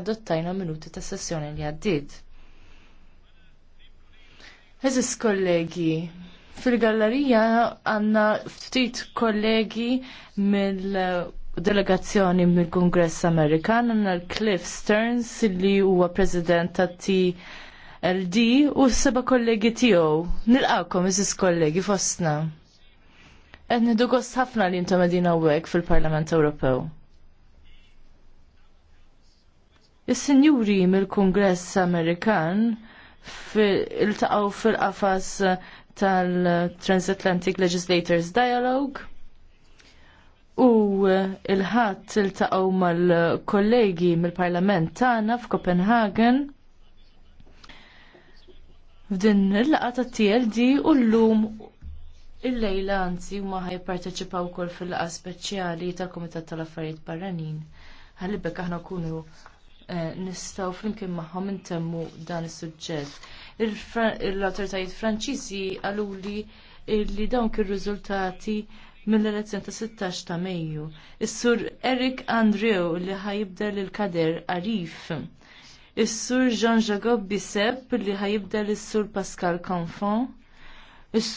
bekk minuti ta' sessjoni li għaddiet. Eżis kollegi, fil-gallerija għanna ftit kollegi mill- delegazzjoni mill-Kongress Amerikan għanna l-Cliff Stearns li huwa president ta' TLD u s-seba kollegi tiegħu. Nilqakom iżis kollegi fostna. Qed nidu gost ħafna li intom qegħdin hawnhekk fil-Parlament Ewropew. Is-sinjuri mill-Kungress Amerikan iltaqgħu fil-qafas tal-Transatlantic Legislators Dialogue u il-ħadd iltaqgħu mal-kollegi mill-Parlament tagħna f'Copenhagen f'din il-laqgħa tat-TLD u llum il-lejla anzi huma ħajparteċipaw ukoll fil-laqgħa speċjali tal-Kumitat tal-Affarijiet Barranin. Ħallibek aħna nkunu Eh, nistgħu flimkien magħhom intemmu dan is-suġġett. L-awtoritajiet Franċiżi għaluli li dawn ir riżultati mill-elezzjon ta' 16 ta' Mejju. Is-sur Eric Andrew li ħajibda l kader Arif. Is-sur Jean-Jacob Bisep li ħajibda l sur Pascal Canfon